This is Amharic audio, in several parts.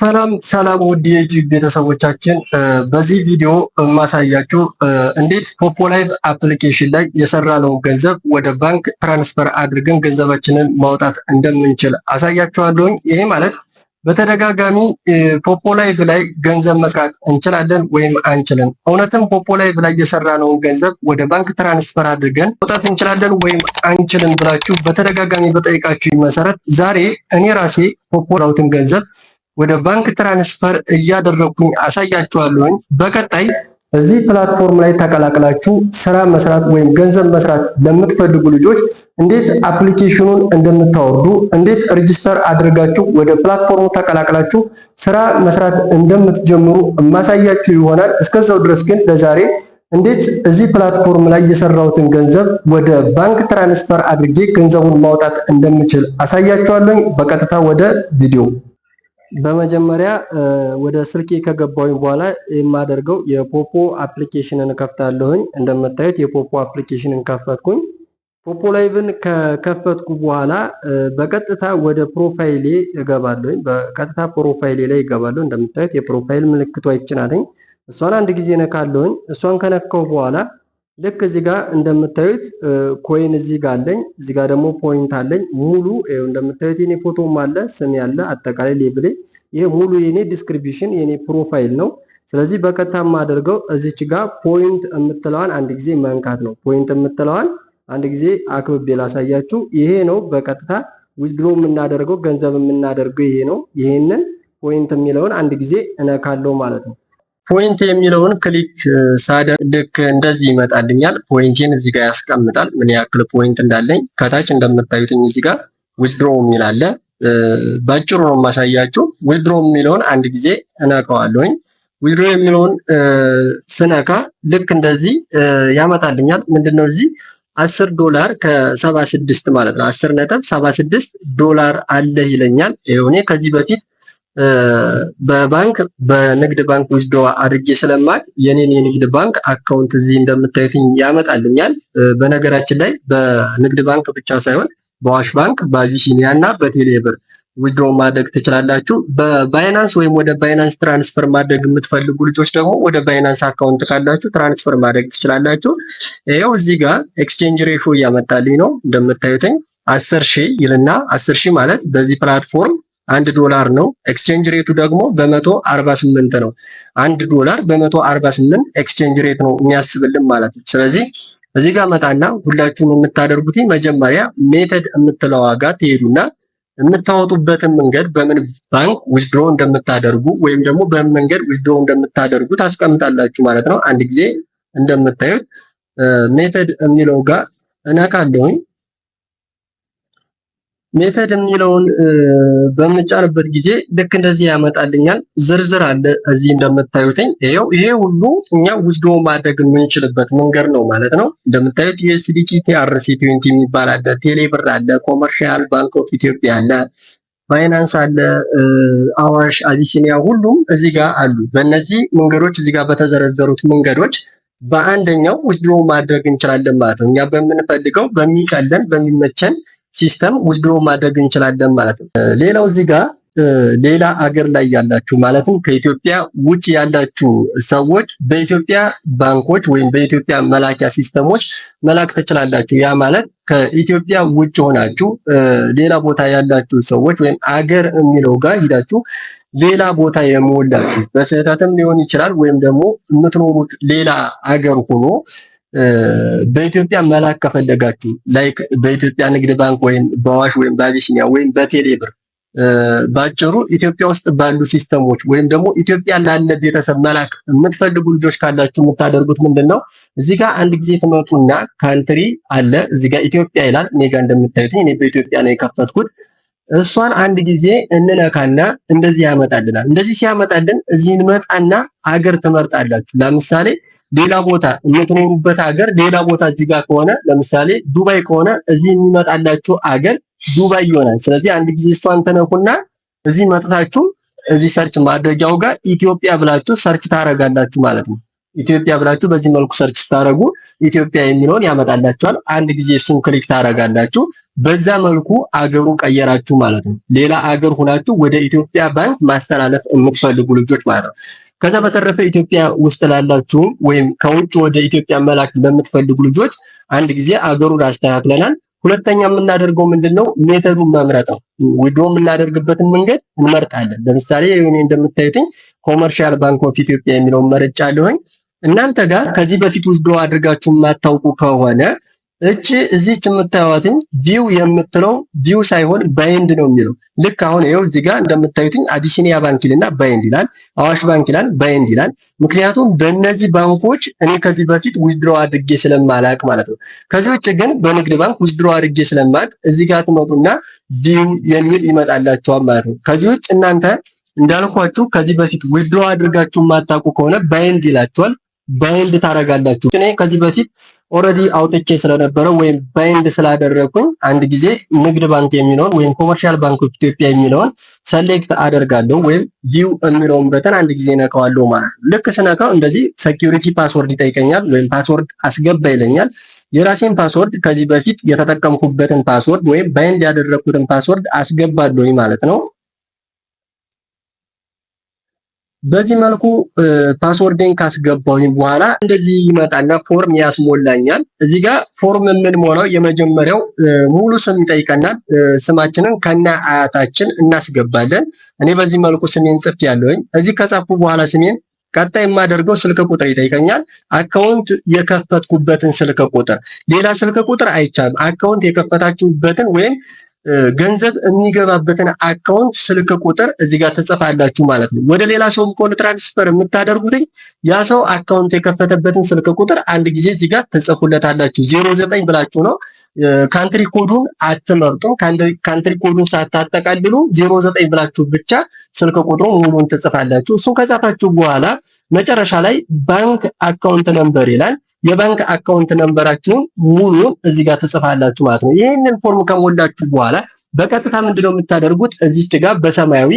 ሰላም ሰላም ውድ የዩቲዩብ ቤተሰቦቻችን በዚህ ቪዲዮ የማሳያችሁ እንዴት ፖፖላይ አፕሊኬሽን ላይ የሰራነው ገንዘብ ወደ ባንክ ትራንስፈር አድርገን ገንዘባችንን ማውጣት እንደምንችል አሳያችኋለሁኝ። ይሄ ማለት በተደጋጋሚ ፖፖላይ ላይ ገንዘብ መስራት እንችላለን ወይም አንችልም። እውነትም ፖፖላይቭ ላይ የሰራነውን ገንዘብ ወደ ባንክ ትራንስፈር አድርገን ማውጣት እንችላለን ወይም አንችልም ብላችሁ በተደጋጋሚ በጠይቃችሁ መሰረት ዛሬ እኔ ራሴ ፖፖላውትን ገንዘብ ወደ ባንክ ትራንስፈር እያደረኩኝ አሳያችኋለሁኝ። በቀጣይ እዚህ ፕላትፎርም ላይ ተቀላቅላችሁ ስራ መስራት ወይም ገንዘብ መስራት ለምትፈልጉ ልጆች እንዴት አፕሊኬሽኑን እንደምታወርዱ፣ እንዴት ሬጅስተር አድርጋችሁ ወደ ፕላትፎርሙ ተቀላቅላችሁ ስራ መስራት እንደምትጀምሩ ማሳያችሁ ይሆናል። እስከዛው ድረስ ግን ለዛሬ እንዴት እዚህ ፕላትፎርም ላይ የሰራሁትን ገንዘብ ወደ ባንክ ትራንስፈር አድርጌ ገንዘቡን ማውጣት እንደምችል አሳያችኋለሁ። በቀጥታ ወደ ቪዲዮ በመጀመሪያ ወደ ስልኬ ከገባሁኝ በኋላ የማደርገው የፖፖ አፕሊኬሽንን ከፍታለሁኝ። እንደምታዩት የፖፖ አፕሊኬሽንን ከፈትኩኝ። ፖፖ ላይቭን ከከፈትኩ በኋላ በቀጥታ ወደ ፕሮፋይሌ እገባለሁኝ። በቀጥታ ፕሮፋይሌ ላይ እገባለሁ። እንደምታዩት የፕሮፋይል ምልክቷ ይችናትኝ። እሷን አንድ ጊዜ ነካለሁኝ። እሷን ከነካው በኋላ ልክ እዚህ ጋር እንደምታዩት ኮይን እዚህ ጋር አለኝ። እዚህ ጋር ደግሞ ፖይንት አለኝ። ሙሉ እንደምታዩት የኔ ፎቶም አለ፣ ስም ያለ አጠቃላይ ሌብሌ፣ ይሄ ሙሉ የኔ ዲስክሪፕሽን የኔ ፕሮፋይል ነው። ስለዚህ በቀጥታ የማደርገው እዚች ጋር ፖይንት የምትለዋን አንድ ጊዜ መንካት ነው። ፖይንት የምትለዋን አንድ ጊዜ አክብቤ ላሳያችሁ። ይሄ ነው በቀጥታ ዊዝድሮ የምናደርገው ገንዘብ የምናደርገው ይሄ ነው። ይሄንን ፖይንት የሚለውን አንድ ጊዜ እነካለው ማለት ነው። ፖይንት የሚለውን ክሊክ ሳደ ልክ እንደዚህ ይመጣልኛል። ፖይንቴን እዚህ ጋር ያስቀምጣል፣ ምን ያክል ፖይንት እንዳለኝ። ከታች እንደምታዩትኝ እዚህ ጋር ዊዝድሮ የሚል አለ። በአጭሩ ነው የማሳያችሁ። ዊዝድሮ የሚለውን አንድ ጊዜ እነካዋለሁኝ። ዊዝድሮ የሚለውን ስነካ ልክ እንደዚህ ያመጣልኛል። ምንድነው እዚህ አስር ዶላር ከሰባ ስድስት ማለት ነው አስር ነጥብ ሰባ ስድስት ዶላር አለህ ይለኛል። ይኸው እኔ ከዚህ በፊት በባንክ በንግድ ባንክ ዊዝዶ አድርጌ ስለማቅ የኔን የንግድ ባንክ አካውንት እዚህ እንደምታዩትኝ ያመጣልኛል። በነገራችን ላይ በንግድ ባንክ ብቻ ሳይሆን በዋሽ ባንክ፣ በአቢሲኒያ እና በቴሌብር ዊዝድሮ ማድረግ ትችላላችሁ። በባይናንስ ወይም ወደ ባይናንስ ትራንስፈር ማድረግ የምትፈልጉ ልጆች ደግሞ ወደ ባይናንስ አካውንት ካላችሁ ትራንስፈር ማድረግ ትችላላችሁ። ይኸው እዚህ ጋር ኤክስቼንጅ ሬሾ እያመጣልኝ ነው እንደምታዩትኝ አስር ሺህ ይልና አስር ሺህ ማለት በዚህ ፕላትፎርም አንድ ዶላር ነው። ኤክስቼንጅ ሬቱ ደግሞ በመቶ አርባ ነው። አንድ ዶላር በመቶ አርባ ኤክስቼንጅ ሬት ነው የሚያስብልን ማለት ነው። ስለዚህ እዚህ ጋር መጣና ሁላችሁም የምታደርጉት መጀመሪያ ሜተድ የምትለዋ ጋር ትሄዱና የምታወጡበትን መንገድ በምን ባንክ ዊዝድሮ እንደምታደርጉ ወይም ደግሞ በምን መንገድ ዊዝድሮ እንደምታደርጉ ታስቀምጣላችሁ ማለት ነው። አንድ ጊዜ እንደምታዩት ሜተድ የሚለው ጋር እነካለሁኝ። ሜተድ የሚለውን በምጫንበት ጊዜ ልክ እንደዚህ ያመጣልኛል። ዝርዝር አለ እዚህ እንደምታዩትኝ። ይው ይሄ ሁሉ እኛ ውዝዶ ማድረግ የምንችልበት መንገድ ነው ማለት ነው። እንደምታዩት ዩኤስዲቲ ቲአርሲ ትዌንቲ የሚባል አለ፣ ቴሌብር አለ፣ ኮመርሻል ባንክ ኦፍ ኢትዮጵያ አለ፣ ፋይናንስ አለ፣ አዋሽ፣ አቢሲኒያ ሁሉም እዚህ ጋር አሉ። በእነዚህ መንገዶች እዚህ ጋር በተዘረዘሩት መንገዶች በአንደኛው ውዝዶ ማድረግ እንችላለን ማለት ነው እኛ በምንፈልገው በሚቀለን በሚመቸን ሲስተም ውዝድሮ ማድረግ እንችላለን ማለት ነው። ሌላው እዚህ ጋር ሌላ አገር ላይ ያላችሁ ማለትም ከኢትዮጵያ ውጭ ያላችሁ ሰዎች በኢትዮጵያ ባንኮች ወይም በኢትዮጵያ መላኪያ ሲስተሞች መላክ ትችላላችሁ። ያ ማለት ከኢትዮጵያ ውጭ ሆናችሁ ሌላ ቦታ ያላችሁ ሰዎች ወይም አገር የሚለው ጋር ሂዳችሁ ሌላ ቦታ የመወላችሁ በስህተትም ሊሆን ይችላል ወይም ደግሞ የምትኖሩት ሌላ አገር ሆኖ በኢትዮጵያ መላክ ከፈለጋችሁ ላይክ በኢትዮጵያ ንግድ ባንክ ወይም በአዋሽ ወይም በአቢሲኒያ ወይም በቴሌ ብር ባጭሩ ኢትዮጵያ ውስጥ ባሉ ሲስተሞች ወይም ደግሞ ኢትዮጵያ ላለ ቤተሰብ መላክ የምትፈልጉ ልጆች ካላችሁ የምታደርጉት ምንድን ነው? እዚህ ጋር አንድ ጊዜ ትመጡና ካንትሪ አለ። እዚህ ጋር ኢትዮጵያ ይላል። እኔ ጋር እንደምታዩት እኔ በኢትዮጵያ ነው የከፈትኩት። እሷን አንድ ጊዜ እንነካና እንደዚህ ያመጣልናል። እንደዚህ ሲያመጣልን እዚህ እንመጣና አገር ትመርጣላችሁ። ለምሳሌ ሌላ ቦታ የምትኖሩበት አገር ሌላ ቦታ እዚህ ጋር ከሆነ ለምሳሌ ዱባይ ከሆነ እዚህ የሚመጣላችሁ አገር ዱባይ ይሆናል። ስለዚህ አንድ ጊዜ እሷን ትነኩና እዚህ መጥታችሁ እዚህ ሰርች ማድረጊያው ጋር ኢትዮጵያ ብላችሁ ሰርች ታረጋላችሁ ማለት ነው። ኢትዮጵያ ብላችሁ በዚህ መልኩ ሰርች ስታደርጉ ኢትዮጵያ የሚለውን ያመጣላችኋል። አንድ ጊዜ እሱን ክሊክ ታደርጋላችሁ። በዛ መልኩ አገሩ ቀየራችሁ ማለት ነው። ሌላ አገር ሁናችሁ ወደ ኢትዮጵያ ባንክ ማስተላለፍ የምትፈልጉ ልጆች ማለት ነው። ከዛ በተረፈ ኢትዮጵያ ውስጥ ላላችሁም ወይም ከውጭ ወደ ኢትዮጵያ መላክ ለምትፈልጉ ልጆች አንድ ጊዜ አገሩን አስተካክለናል። ሁለተኛ የምናደርገው ምንድን ነው? ሜተዱን መምረጥ ነው። ዊድሮ የምናደርግበትን መንገድ እንመርጣለን። ለምሳሌ እኔ እንደምታዩትኝ ኮመርሻል ባንክ ኦፍ ኢትዮጵያ የሚለውን መርጫ አለሁኝ። እናንተ ጋር ከዚህ በፊት ውዝዶ አድርጋችሁ የማታውቁ ከሆነ እቺ እዚች የምታዩትኝ ቪው የምትለው ቪው ሳይሆን ባይንድ ነው የሚለው። ልክ አሁን ይኸው እዚህ ጋር እንደምታዩትኝ አቢሲኒያ ባንክ ይልና ባይንድ ይላል፣ አዋሽ ባንክ ይላል፣ ባይንድ ይላል። ምክንያቱም በእነዚህ ባንኮች እኔ ከዚህ በፊት ውዝድሮ አድርጌ ስለማላቅ ማለት ነው። ከዚህ ውጭ ግን በንግድ ባንክ ውዝድሮ አድርጌ ስለማቅ እዚህ ጋር ትመጡና ቪው የሚል ይመጣላቸዋል ማለት ነው። ከዚህ ውጭ እናንተ እንዳልኳችሁ ከዚህ በፊት ውዝድሮ አድርጋችሁ የማታውቁ ከሆነ ባይንድ ይላቸዋል። ባይንድ ታደርጋላችሁ። እኔ ከዚህ በፊት ኦልሬዲ አውጥቼ ስለነበረው ወይም ባይንድ ስላደረኩኝ አንድ ጊዜ ንግድ ባንክ የሚለውን ወይም ኮመርሻል ባንክ ኦፍ ኢትዮጵያ የሚለውን ሰሌክት አደርጋለሁ ወይም ቪው የሚለውን በተን አንድ ጊዜ ነካዋለሁ ማለት ነው። ልክ ስነካው እንደዚህ ሴኪሪቲ ፓስወርድ ይጠይቀኛል ወይም ፓስወርድ አስገባ ይለኛል። የራሴን ፓስወርድ ከዚህ በፊት የተጠቀምኩበትን ፓስወርድ ወይም ባይንድ ያደረኩትን ፓስወርድ አስገባለሁኝ ማለት ነው። በዚህ መልኩ ፓስወርዴን ካስገባሁኝ በኋላ እንደዚህ ይመጣና ፎርም ያስሞላኛል። እዚህ ጋር ፎርም የምንሞላው የመጀመሪያው ሙሉ ስም ይጠይቀናል። ስማችንን ከነ አያታችን እናስገባለን። እኔ በዚህ መልኩ ስሜን ጽፍ ያለውኝ። እዚህ ከጻፉ በኋላ ስሜን ቀጣይ የማደርገው ስልክ ቁጥር ይጠይቀኛል። አካውንት የከፈትኩበትን ስልክ ቁጥር፣ ሌላ ስልክ ቁጥር አይቻልም። አካውንት የከፈታችሁበትን ወይም ገንዘብ የሚገባበትን አካውንት ስልክ ቁጥር እዚህ ጋር ትጽፋላችሁ ማለት ነው። ወደ ሌላ ሰው ከሆነ ትራንስፈር የምታደርጉት ያ ሰው አካውንት የከፈተበትን ስልክ ቁጥር አንድ ጊዜ እዚህ ጋር ትጽፉለታላችሁ። ዜሮ ዘጠኝ ብላችሁ ነው ካንትሪ ኮዱን አትመርጡም። ካንትሪ ኮዱን ሳታጠቃልሉ ዜሮ ዘጠኝ ብላችሁ ብቻ ስልክ ቁጥሩ ሙሉን ትጽፋላችሁ። እሱን ከጻፋችሁ በኋላ መጨረሻ ላይ ባንክ አካውንት ነምበር ይላል። የባንክ አካውንት ነንበራችሁን ሙሉን እዚህ ጋር ትጽፋላችሁ ማለት ነው። ይህንን ፎርም ከሞላችሁ በኋላ በቀጥታ ምንድነው የምታደርጉት? እዚች ጋር በሰማያዊ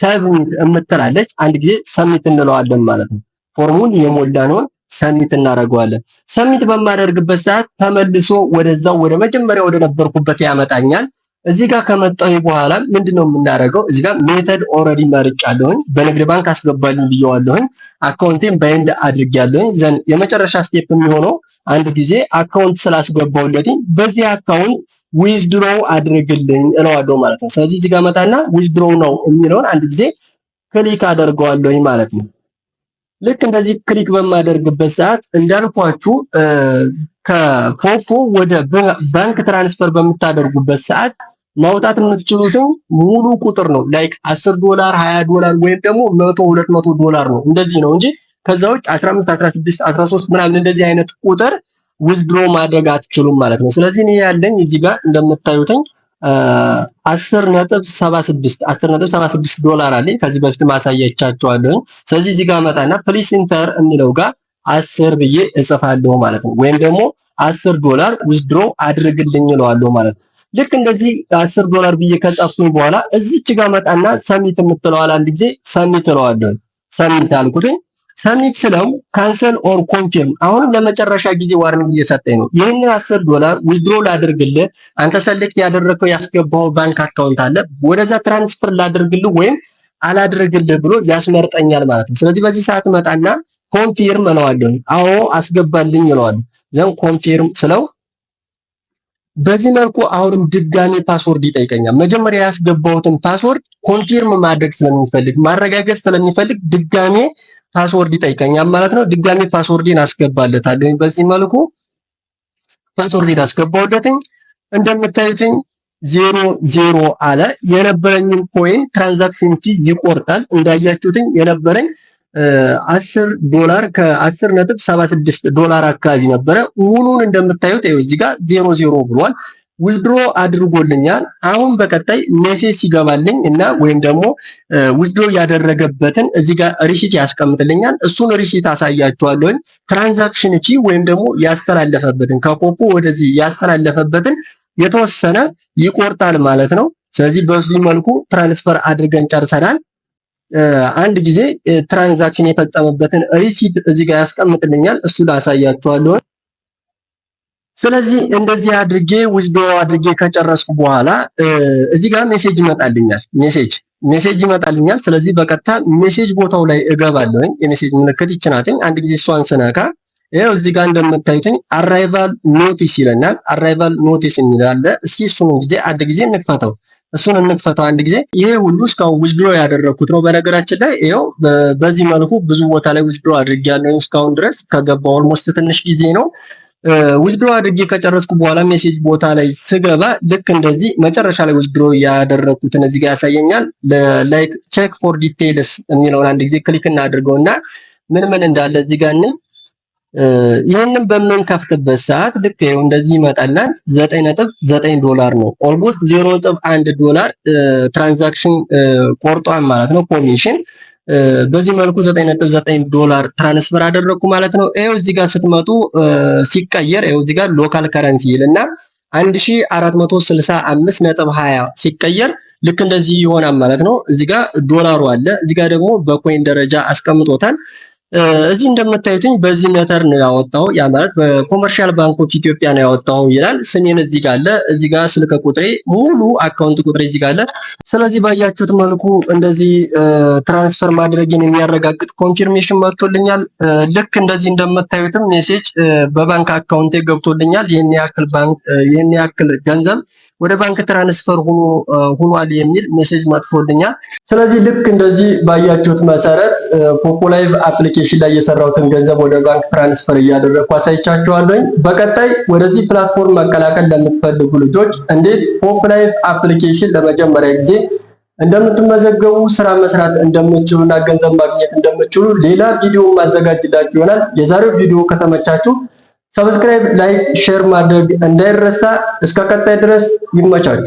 ሰብሚት የምትላለች አንድ ጊዜ ሰሚት እንለዋለን ማለት ነው። ፎርሙን የሞላነውን ሰሚት እናደርገዋለን። ሰሚት በማደርግበት ሰዓት ተመልሶ ወደዛው ወደ መጀመሪያ ወደ ነበርኩበት ያመጣኛል። እዚህ ጋር ከመጣሁ በኋላ ምንድን ነው የምናደርገው? እዚህ ጋር ሜተድ ኦልሬዲ መርጫለሁኝ። በንግድ ባንክ አስገባልኝ ብየዋለሁኝ። አካውንቴን በኤንድ አድርጌያለሁኝ። ዘን የመጨረሻ ስቴፕ የሚሆነው አንድ ጊዜ አካውንት ስላስገባውለትኝ በዚህ አካውንት ዊዝድሮ አድርግልኝ እለዋለሁ ማለት ነው። ስለዚህ እዚህ ጋር መጣና ዊዝድሮ ነው የሚለውን አንድ ጊዜ ክሊክ አደርገዋለሁኝ ማለት ነው። ልክ እንደዚህ ክሊክ በማደርግበት ሰዓት እንዳልኳችሁ ከፖፖ ወደ ባንክ ትራንስፈር በምታደርጉበት ሰዓት ማውጣት የምትችሉትን ሙሉ ቁጥር ነው። ላይክ 10 ዶላር፣ 20 ዶላር ወይም ደግሞ 100 200 ዶላር ነው። እንደዚህ ነው እንጂ ከዛ ውጭ 15 16 13 ምናምን እንደዚህ አይነት ቁጥር ዊዝድሮ ማድረግ አትችሉም ማለት ነው። ስለዚህ እኔ ያለኝ እዚህ ጋር እንደምታዩትኝ 10.76 10.76 ዶላር አለኝ። ከዚህ በፊት ማሳያቻቸዋለሁ። ስለዚህ እዚህ ጋር መጣና ፕሊስ ኢንተር የሚለው ጋር 10 ብዬ እጽፋለሁ ማለት ነው። ወይም ደግሞ አስር ዶላር ዊዝድሮ አድርግልኝ እለዋለሁ ማለት ነው። ልክ እንደዚህ አስር ዶላር ብዬ ከጻፍኩኝ በኋላ እዚች ጋር መጣና ሰሚት የምትለዋል አንድ ጊዜ ሰሚት እለዋለሁ። ሰሚት አልኩትኝ። ሰሚት ስለው ካንሰል ኦር ኮንፊርም አሁንም ለመጨረሻ ጊዜ ዋርኒንግ እየሰጠኝ ነው። ይህን አስር ዶላር ዊድሮ ላድርግልህ፣ አንተ ሰልክት ያደረከው ያስገባው ባንክ አካውንት አለ፣ ወደዛ ትራንስፈር ላድርግልህ ወይም አላድርግልህ ብሎ ያስመርጠኛል ማለት ነው። ስለዚህ በዚህ ሰዓት መጣና ኮንፊርም እለዋለሁ። አዎ አስገባልኝ እለዋለሁ። ዘን ኮንፊርም ስለው በዚህ መልኩ አሁንም ድጋሜ ፓስወርድ ይጠይቀኛል። መጀመሪያ ያስገባሁትን ፓስወርድ ኮንፊርም ማድረግ ስለሚፈልግ ማረጋገጥ ስለሚፈልግ ድጋሜ ፓስወርድ ይጠይቀኛል ማለት ነው። ድጋሜ ፓስወርዴን አስገባለታለሁ። በዚህ መልኩ ፓስወርዴን አስገባሁለትኝ። እንደምታዩትኝ ዜሮ ዜሮ አለ። የነበረኝን ኮይን ትራንዛክሽን ፊ ይቆርጣል። እንዳያችሁትኝ የነበረኝ አስር ዶላር ከአስር ነጥብ ሰባ ስድስት ዶላር አካባቢ ነበረ። ሙሉን እንደምታዩት ይኸው እዚህ ጋር ዜሮ ዜሮ ብሏል። ውዝድሮ አድርጎልኛል። አሁን በቀጣይ ሜሴጅ ሲገባልኝ እና ወይም ደግሞ ውዝድሮ ያደረገበትን እዚህ ጋር ሪሲት ያስቀምጥልኛል። እሱን ሪሲት አሳያቸዋለሁኝ። ትራንዛክሽን እቺ ወይም ደግሞ ያስተላለፈበትን ከኮፖ ወደዚህ ያስተላለፈበትን የተወሰነ ይቆርጣል ማለት ነው። ስለዚህ በዚህ መልኩ ትራንስፈር አድርገን ጨርሰናል። አንድ ጊዜ ትራንዛክሽን የፈጸመበትን ሪሲት እዚህ ጋር ያስቀምጥልኛል። እሱ ላሳያችኋለሁ። ስለዚህ እንደዚህ አድርጌ ውዝዶ አድርጌ ከጨረስኩ በኋላ እዚህ ጋር ሜሴጅ ይመጣልኛል። ሜሴጅ ሜሴጅ ይመጣልኛል። ስለዚህ በቀጥታ ሜሴጅ ቦታው ላይ እገባለሁ። የሜሴጅ ምልክት ይችናትኝ። አንድ ጊዜ እሷን ስነካ ይኸው እዚህ ጋር እንደምታዩትኝ አራይቫል ኖቲስ ይለናል። አራይቫል ኖቲስ የሚላለ እስኪ እሱን ጊዜ አንድ ጊዜ እንክፈተው። እሱን እንክፈተው አንድ ጊዜ። ይሄ ሁሉ እስካሁን ውዝድሮ ያደረግኩት ነው። በነገራችን ላይ ይኸው በዚህ መልኩ ብዙ ቦታ ላይ ዊዝድሮ አድርጌያለሁ። እስካሁን ድረስ ከገባ ኦልሞስት ትንሽ ጊዜ ነው። ውዝድሮ አድርጌ ከጨረስኩ በኋላ ሜሴጅ ቦታ ላይ ስገባ ልክ እንደዚህ መጨረሻ ላይ ውዝድሮ ያደረግኩትን እዚህ ጋር ያሳየኛል። ላይክ ቼክ ፎር ዲቴይልስ የሚለውን አንድ ጊዜ ክሊክ እናድርገው እና ምን ምን እንዳለ እዚህ ጋር ይህንን በምንከፍትበት ሰዓት ልክ ይኸው እንደዚህ ይመጣልናል። ዘጠኝ ነጥብ ዘጠኝ ዶላር ነው። ኦልሞስት ዜሮ ነጥብ አንድ ዶላር ትራንዛክሽን ቆርጧን ማለት ነው ኮሚሽን። በዚህ መልኩ 9.9 ዶላር ትራንስፈር አደረግኩ ማለት ነው። ይኸው እዚህ ጋር ስትመጡ ሲቀየር ይኸው እዚህ ጋር ሎካል ከረንሲ ይልና 1465.20 ሲቀየር ልክ እንደዚህ ይሆናል ማለት ነው። እዚህ ጋር ዶላሩ አለ፣ እዚህ ጋር ደግሞ በኮይን ደረጃ አስቀምጦታል። እዚህ እንደምታዩትኝ በዚህ ሜተር ነው ያወጣው። ያ ማለት በኮመርሻል ባንክ ኦፍ ኢትዮጵያ ነው ያወጣው ይላል። ስሜን እዚህ ጋር አለ፣ እዚህ ጋር ስልክ ቁጥሬ፣ ሙሉ አካውንት ቁጥሬ እዚህ ጋር አለ። ስለዚህ ባያችሁት መልኩ እንደዚህ ትራንስፈር ማድረግን የሚያረጋግጥ ኮንፊርሜሽን መጥቶልኛል። ልክ እንደዚህ እንደምታዩትም ሜሴጅ በባንክ አካውንቴ ገብቶልኛል። ይህን ያክል ባንክ ይህን ያክል ገንዘብ ወደ ባንክ ትራንስፈር ሆኗል የሚል ሜሴጅ መጥቶልኛል። ስለዚህ ልክ እንደዚህ ባያችሁት መሰረት ፖፖላይቭ አፕሊኬሽን ፕሬዘንቴሽን ላይ የሰራሁትን ገንዘብ ወደ ባንክ ትራንስፈር እያደረግኩ አሳይቻችኋለሁ። በቀጣይ ወደዚህ ፕላትፎርም መቀላቀል ለምትፈልጉ ልጆች እንዴት ሆፕ አፕሊኬሽን ለመጀመሪያ ጊዜ እንደምትመዘገቡ ስራ መስራት እንደምትችሉ እና ገንዘብ ማግኘት እንደምትችሉ ሌላ ቪዲዮ ማዘጋጅላችሁ ይሆናል። የዛሬው ቪዲዮ ከተመቻችሁ ሰብስክራይብ፣ ላይክ፣ ሼር ማድረግ እንዳይረሳ። እስከ ቀጣይ ድረስ ይመቻችሁ።